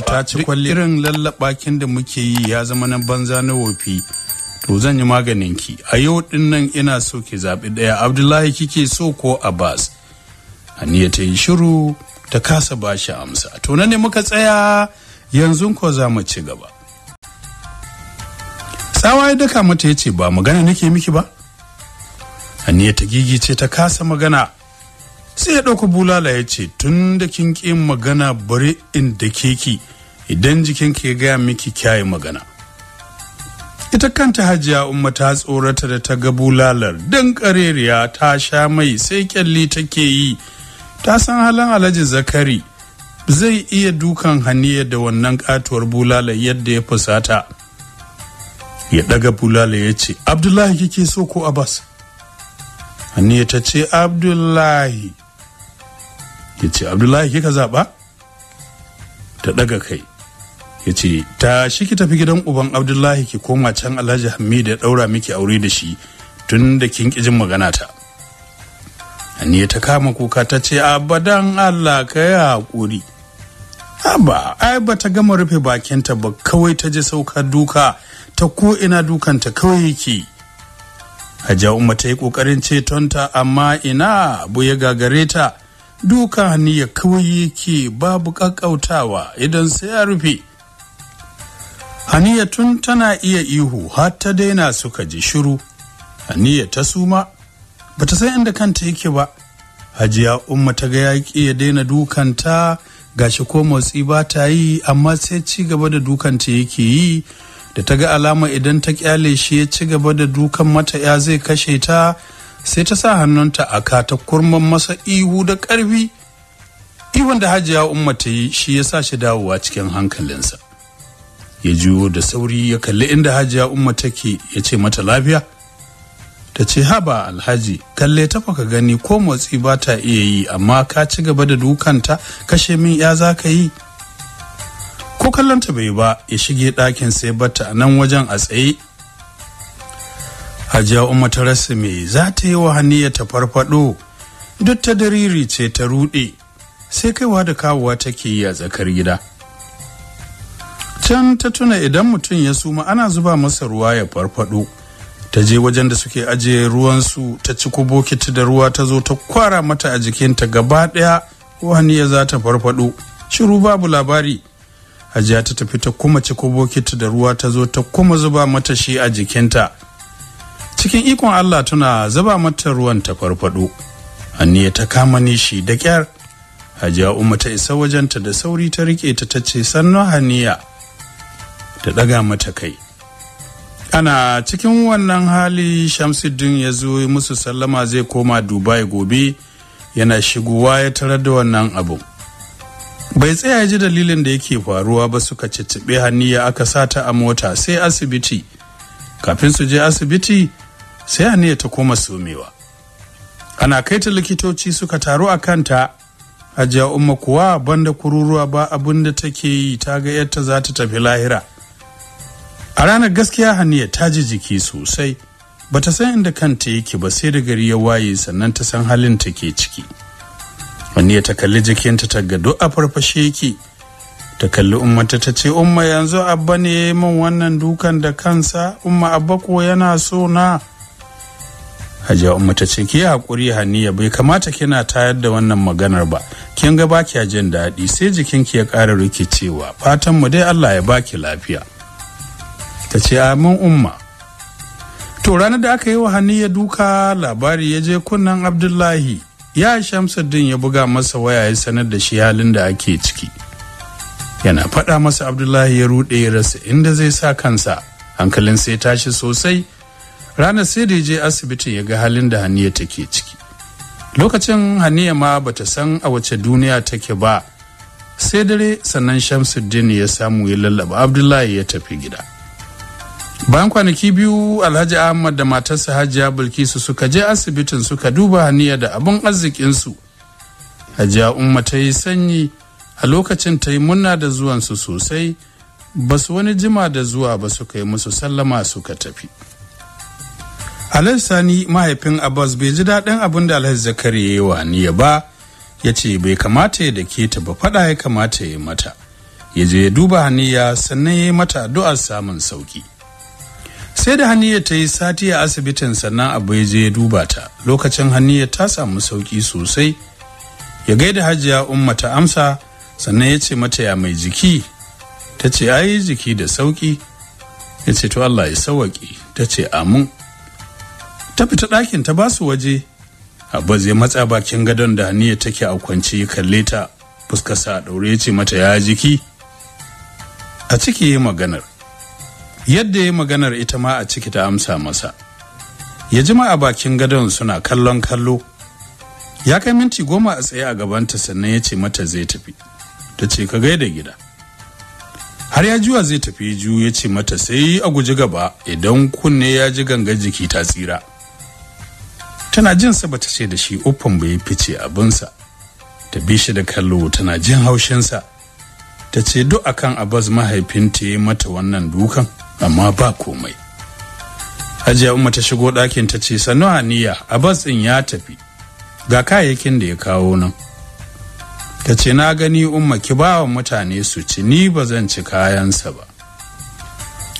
ta ci kwalli irin lallabakin da muke yi ya zama na banza na wofi to zan yi maganin ki a yau din nan ina so ki zaɓi ɗaya abdullahi kike so ko abbas aniya ta yi shiru ta kasa ba shi amsa to ne muka tsaya yanzu ko za mu ci gaba tsawa ya daka mata ya ce ba magana nake miki ba aniya ta gigice ta kasa magana sai ya ɗauka bulala ya ce tun da kin ƙi magana bari in da keki idan jikinki ya gaya miki kya'ye magana ita kanta hajiya umma ta tsorata da ta ga bulalar Dan ƙareriya ta sha mai sai kyalli take yi ta san halin alhaji zakari zai iya dukan haniya da wannan katuwar bulala yadda ya fusata ya daga bulala ya ce abdullahi kike so ko abbas haniya ta ce abdullahi ya ce abdullahi kika zaɓa ta ɗaga kai ya ce ta shi ki tafi gidan uban abdullahi ki koma can alhaji hamid ya ɗaura miki aure da shi tun da kin ƙi magana ta ne ta kama kuka ta ce abadan allah ka yi haƙuri ba ai ba ta gama rufe bakinta ba kawai ta je sauka duka ta ko ina dukanta kawai yake hajiya umma ta yi ƙoƙarin cetonta amma ina bu ya gagare ta duka ni ya kawai yake babu kakautawa idan sai ya rufe haniya tun tana iya ihu har ta daina suka ji shiru haniya ta suma Ba ta san inda kanta yake ba hajiya umma ta ga ki ya daina dukanta gashi ko motsi ba ta yi amma sai ci gaba da dukanta yake yi da ta ga alama idan ta kyale shi ya ci gaba da dukan mata ya zai kashe ta sai ta sa hannunta a ka kurman masa ihu da ƙarfi ihun da hajiya umma ta yi shi ya sa shi dawowa cikin hankalinsa ya juyo da sauri ya kalli inda hajiya umma take ya ce mata lafiya ta ce haba alhaji kalle ta ka gani ko motsi ba ta iya yi amma ka ci gaba da dukanta kashe min ya za ka yi ko kallonta bai ba ya shige ɗakin sai bata nan wajen a tsaye hajiya umma ta rasa me za ta yi wa haniya ta farfado duk ta dariri ce ta ruɗe sai kaiwa da kawowa take yi a tsakar gida can ta tuna idan mutum ya suma ana zuba masa ruwa ya farfado ta je wajen da suke ajiye ruwansu ta ci bokiti da ruwa ta zo ta kwara mata a jikinta gaba ɗaya wahaniya za ta farfado shiru babu labari hajiya ta tafi ta kuma ci bokiti da ruwa ta zo ta kuma zuba mata shi a jikinta cikin ikon allah tana zaba mata ruwan ta farfado hanniya ta kama nishi da kyar hajiya umma ta isa wajenta da sauri ta rike ta ta ce sannan haniya ta daga mata kai ana cikin wannan hali shamsuddin ya zo musu sallama zai koma dubai gobe yana shigowa ya tarar da wannan abu bai tsaya ji dalilin da yake faruwa ba suka hannu haniya aka sata a mota sai asibiti kafin su je asibiti sai aniyar ta koma sumewa ana kai ta likitoci suka taru a kanta hajiya umma kuwa banda kururuwa ba abin da take yi ta ga yadda za ta tafi lahira a ranar gaskiya haniya ta ji jiki sosai Ba ta san inda kanta yake ba sai da gari ya waye sannan ta san halin ta ke ciki haniya ta kalli jikinta ta ga a farfashe yake ta kalli ummata ta ce umma yanzu abba ne ya yi min wannan dukan da kansa umma abba ko yana so na hajiya umma ta ce ki hakuri haniya bai kamata kina tayar da wannan maganar ba kin ga baki a jin daɗi sai jikinki ya ƙara rikicewa fatan mu dai Allah ya baki lafiya ta ce amin umma to ranar da aka yi wa haniya duka labari ya je kunnan abdullahi ya din ya buga masa waya ya sanar da shi halin da ake ciki yana faɗa masa abdullahi ya rude ya rasa inda zai sa kansa hankalin sai tashi sosai ranar sai da je asibiti ya ga halin da haniya take ciki lokacin haniya ma bata san a wace duniya take ba sai dare sannan shamsuddin ya samu ya lallaba abdullahi ya tafi gida bayan kwanaki biyu alhaji ahmad da matarsa hajiya bilkisu suka je asibitin suka duba haniya da abin arzikinsu hajiya umma ta yi sanyi a lokacin ta yi munna da zuwansu sosai ba su wani jima da zuwa ba suka yi musu sallama suka tafi alhaji sani mahaifin abbas bai ji daɗin abin da alhaji zakari ya yi wa niya ba ya ce bai kamata ya da ke ta ba faɗa ya kamata ya mata ya je ya duba haniya sannan ya yi mata addu'ar samun sauki sai da haniya ta yi sati a asibitin sannan abu ya je ya duba ta lokacin haniya ta samu sauki sosai ya gaida hajiya umma ta amsa sannan ya ce mata ya mai jiki ta ce ai jiki da sauki ya ce to allah ya sawaki ta ce amin ta fita ɗakin ta basu waje abbas ya matsa bakin gadon da niyya take a kwance kalle ta fuskarsa a ɗaure ce mata ya jiki a ciki ya maganar yadda ya maganar ita ma a ciki ta amsa masa ya jima a bakin gadon suna kallon kallo ya kai minti goma a tsaye a gabanta sannan ya ce mata zai tafi ta ce ka gaida gida har ya juwa zai tafi ju ya ce mata sai a guji gaba idan kunne ya ji gangar jiki ta tsira tana jin sa bata ce da shi uffan bai fice abinsa ta bi shi da kallo tana jin haushinsa ta ce duk akan abaz mahaifinta ya mata wannan dukan amma ba komai hajiya umma ta shigo ɗakin ta ce sannu aniya abaz ɗin ya tafi ga kayayyakin da ya kawo nan ta ce na gani umma ki ba wa mutane su ci ni ba zan ci kayansa ba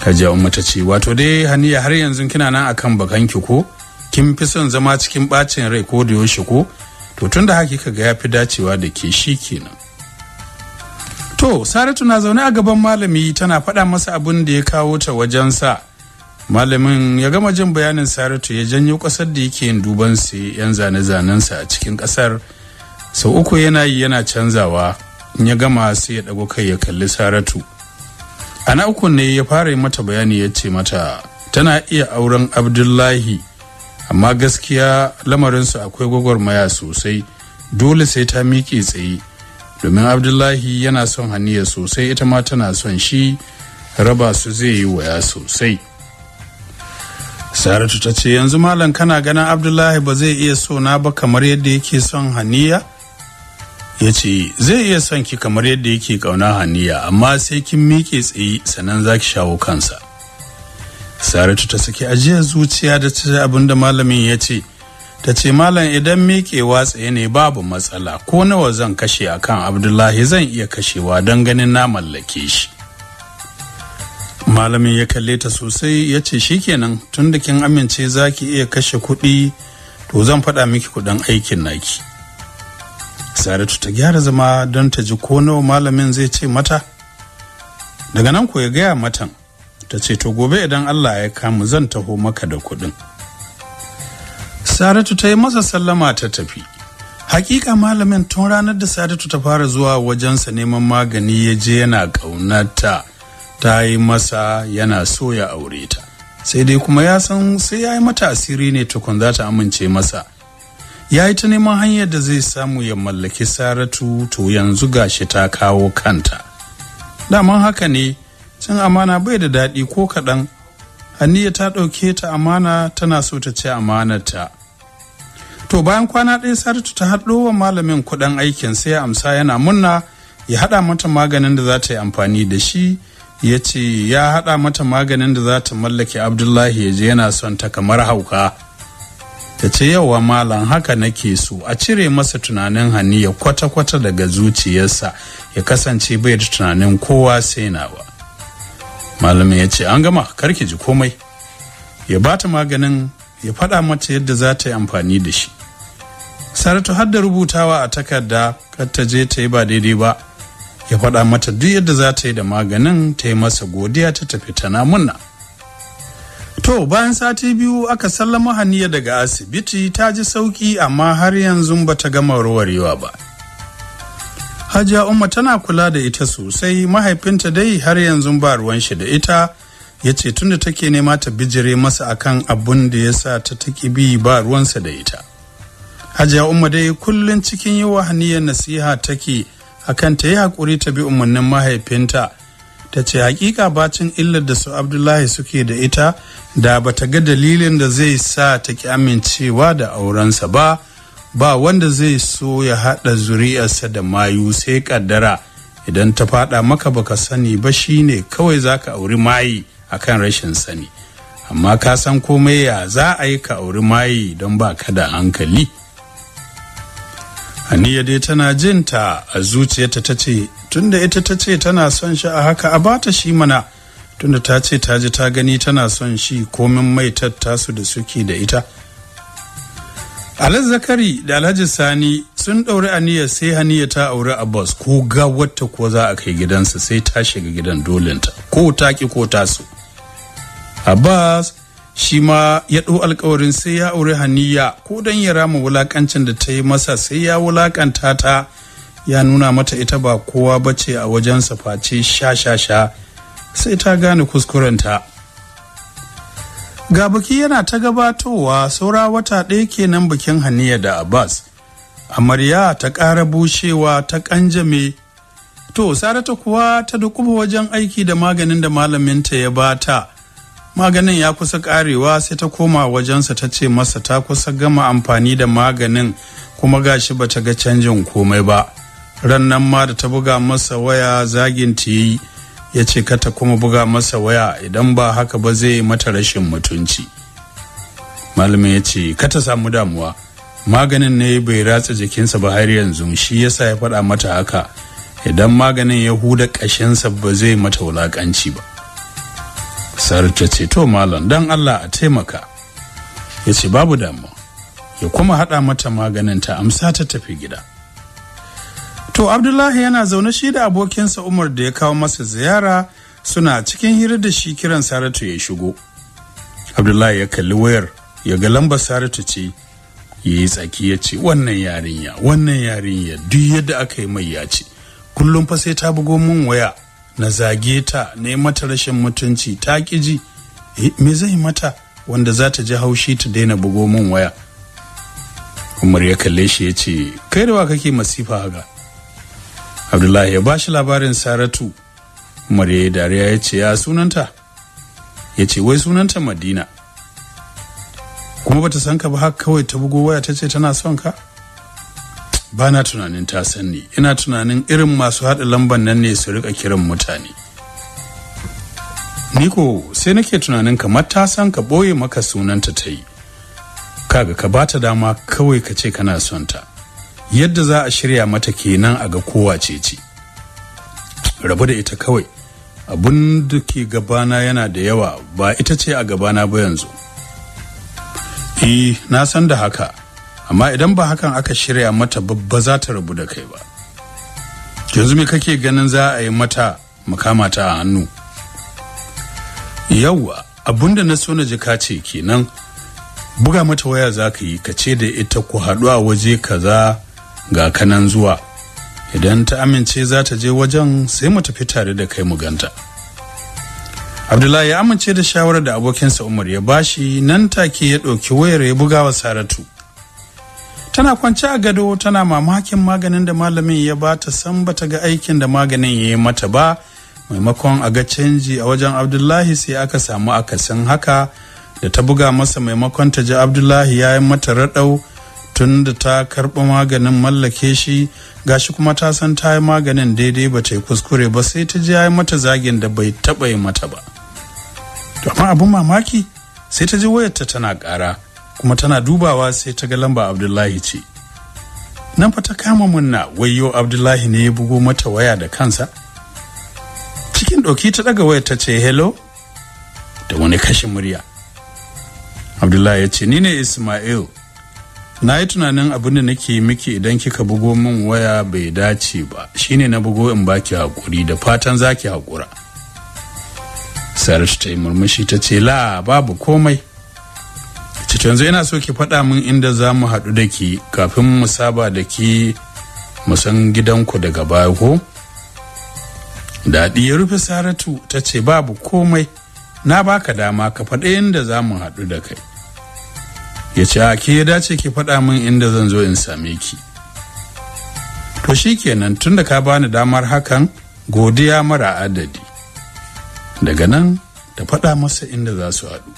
hajiya umma ta ce wato dai haniya har yanzu kina nan akan bakanki ko kin fi son zama cikin bacin rai ko da yaushe ko to tun da haka ga yafi dacewa da ke shi kenan to saratu na zaune a gaban malami tana faɗa masa abin da ya kawo ta wajen sa. malamin ya gama jin bayanin saratu ya janyo ƙasar da yake yin duban su yan zane-zanensa a cikin ƙasar sau uku yana yi yana canzawa in ya gama sai ya ɗago kai ya kalli saratu a na uku ne ya fara mata bayani ya ce mata tana iya auren abdullahi amma gaskiya lamarinsu akwai gwagwarmaya sosai dole sai ta miƙe tsaye domin abdullahi yana son haniya sosai ita ma tana son shi raba su zai yi waya sosai saratu ta ce yanzu malam kana ganin abdullahi ba zai iya so ba kamar yadda yake son haniya ya ce zai iya son ki kamar yadda yake kauna haniya amma sai kin miƙe tsaye sannan za ki shawo kansa saratu ta saki ajiya zuciya da ta abin da malamin ya ce ta ce malam idan miƙewa tsaye ne babu matsala ko nawa zan kashe akan abdullahi zan iya kashewa don ganin na mallake shi malamin ya kalle ta sosai ya ce shikenan tun da kin amince za ki iya kashe kuɗi to zan faɗa miki kuɗin aikin naki saratu ta gyara zama don ta ji ko nawa malamin zai ce mata daga nan ko ya gaya matan ta ce to gobe idan allah ya kamu zan taho maka da kuɗin saratu ta yi masa sallama ta tafi hakika malamin tun ranar da Saratu ta fara zuwa wajensa neman magani ya je yana ƙaunarta ta yi masa yana so ya aure ta sai dai kuma ya san sai ya yi mata asiri ne tukun za ta amince masa ya yi ta neman hanyar da zai samu ya mallaki saratu to yanzu gashi ta kawo kanta daman haka ne cin amana bai da daɗi ko kaɗan haniya ta ɗauke ta amana tana so ta ce amanarta to bayan kwana ɗaya saratu ta haɗo wa malamin kuɗin aikin sai amsa yana munna ya haɗa mata maganin da za ta yi amfani da shi ya ce ya haɗa mata maganin da za ta mallake abdullahi ya je yana son ta kamar hauka ta ce yawa malam haka nake so a cire masa tunanin haniya kwata-kwata daga zuciyarsa ya kasance bai da tunanin kowa sai nawa malamin ya ce an gama karki ji komai ya bata maganin ya faɗa mata yadda za ta yi amfani da shi saratu har da rubutawa a takarda kar ta je ta yi ba daidai ba ya faɗa mata duk yadda za ta yi da maganin ta yi masa godiya ta tafi ta namunna to bayan sati biyu aka sallama haniya daga asibiti ta ji sauki amma har yanzu ba ta gama warwarewa ba hajiya umma tana kula da ita sosai mahaifinta dai har yanzu ba ruwan shi da ita ya ce tunda take nema ta bijire masa akan abun da ya sa ta taki bi ba ruwansa da ita hajiya umma dai kullum cikin yi wa haniyar nasiha take akan ta yi haƙuri ta bi umarnin mahaifinta ta ce hakika bacin illar da su abdullahi suke da ita da bata ga dalilin da zai sa ta ki amincewa da aurensa ba ba wanda zai so ya haɗa zuri'arsa da mayu sai ƙaddara idan ta faɗa maka baka sani ba shi ne kawai zaka auri mayi kan rashin sani amma ka san komai ya za a yi ka auri mayi don ba ka da hankali aniya dai tana jin ta a zuciyarta ta ce tunda ita ta ce tana son shi a haka a bata shi mana tunda ta ce ta ji ta gani tana son shi komin mai tattasu da suke da ita Alhaji Zakari da Alhaji Sani sun ɗauri aniyar sai haniya ta auri Abbas ko ga wata ko za a kai gidansa sai ta shiga gidan dolinta ko ta ki ko ta su Abbas shi ma ya ɗau alkawarin sai ya auri haniya ko don ya rama wulakancin da ta yi masa sai ya wulakanta ta ya nuna mata ita ba kowa bace a wajensa face sha sha sha sai ta gane kuskurenta. ga biki yana ta gabatowa saura wata ɗaya kenan bikin haniya da abbas amarya ta ƙara bushewa ta ƙanjame to sarata kuwa ta dukuba wajen aiki da maganin da malaminta ya bata maganin ya kusa ƙarewa sai ta koma wajensa ta ce masa ta kusa gama amfani da maganin kuma ga gashi bata ga canjin komai ba ran nan ma da ta buga masa waya zagin ta yi ya ce kata kuma buga masa waya idan ba haka ba zai mata rashin mutunci malamin ya ce kata samu damuwa maganin ne bai ratsa jikinsa ba har yanzu shi ya sa ya faɗa mata haka idan maganin ya huda ƙashinsa ba zai mata wulaƙanci ba sarta ceto ce to malam don allah a taimaka ya ce babu damuwa ya kuma haɗa mata maganin ta amsa ta tafi gida to abdullahi yana zaune shi da abokinsa umar da ya kawo masa ziyara suna cikin hira da shi kiran saratu ya shigo abdullahi ya kalli wayar ya ga lambar saratu ce ya yi tsaki ya ce wannan yarinya wannan yarinya duk yadda aka yi mai ya ce kullum fa sai ta bugo min waya na zage ta na yi mata rashin mutunci ta ji eh, me zai mata wanda za ta ji haushi ta daina bugo min waya umar ya kalle shi ya ce kai da wa kake masifa haka abdullahi ya bashi labarin saratu Umar yi dariya ya ce ya sunanta ya ce wai sunanta madina kuma bata san ka ba haka kawai ta bugo waya ta ce tana son ka ba na tunanin ta san ni ina tunanin irin masu haɗa lamban nan ne su rika kiran mutane Ni ko sai nake tunanin kamar ta san ka ɓoye maka sunanta ta yi kaga ka bata dama kawai ka ce kana son ta yadda za a shirya mata kenan a ga kowa ce ce rabu da ita kawai abun da ke gabana yana da yawa ba ita ce a gabana ba yanzu eh na san da haka amma idan ba hakan aka shirya mata babba za ta rabu da kai ba yanzu me kake ganin za a yi mata makamata a hannu abun da na so na jika ce kenan buga mata waya za ka yi ka ce da ita ku haɗu a waje kaza ga kanan zuwa idan ta amince za ta je wajen sai mu tafi tare da kai mu ganta abdullahi ya amince da shawarar da abokinsa umar ya bashi nan take ya ɗauki wayar ya buga wa saratu tana kwance a gado tana mamakin maganin da malamin ya ba ta san bata ga aikin da maganin ya yi mata ba maimakon a ga canji a wajen abdullahi sai aka samu akasin haka da ta buga masa maimakon ta ji abdullahi ya yi mata raɗau tun da ta karɓi maganin mallake shi gashi kuma ta san ta yi maganin daidai ba ta yi kuskure ba sai ta ji ya yi mata zagin da bai taɓa yi mata ba to amma abin mamaki sai ta ji wayarta tana ƙara kuma tana dubawa sai ta ga lamba abdullahi ce nan fa ta kama munna wayo abdullahi ne ya bugo mata waya da kansa cikin ɗauki ta ɗaga wayar ta ce hello da wani kashin murya abdullahi ya ce ni ne ismail na yi tunanin abin da nake miki idan kika bugo min waya bai dace ba shine na bugo in baki hakuri da fatan zaki hakura saratu ta yi murmushi ta ce la babu komai yanzu yana so ki faɗa min inda za mu haɗu da ki kafin mu saba da ki mu san gidanku daga baya ko daɗi ya rufe saratu ta ce babu komai na baka dama ka faɗi inda za mu haɗu da kai ya ce a ke ya dace ke faɗa min inda zan zo in same ki to shi shikenan tun da ka bani damar hakan godiya mara adadi daga nan ta faɗa masa inda za su haɗu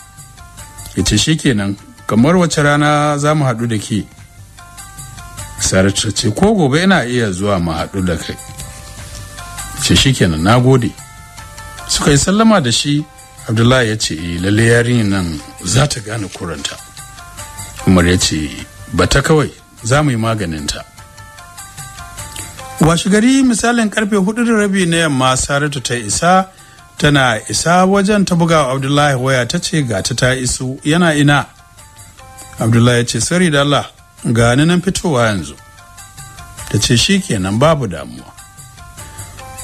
ya ce shikenan kamar wace rana za mu haɗu da ke sarata ce ko gobe ina iya zuwa mu haɗu da kai ce shikenan na gode suka yi sallama da shi abdullahi ya ce eh, lalle yarinyar nan za ta gane kuranta umar ya ce ba ta kawai za mu yi maganinta gari misalin karfe hudu da rabi na yamma saratu ta isa tana isa wajen ta buga abdullahi waya ta ce ga ta ta isu yana ina abdullahi ya ce sari da allah gani nan fitowa yanzu ta ce shi kenan babu damuwa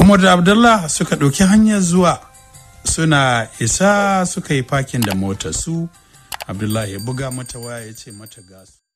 umar da Abdullahi suka ɗauki hanyar zuwa suna isa suka yi fakin da motar su abdullahi ya buga mata waya ya ce mata gasu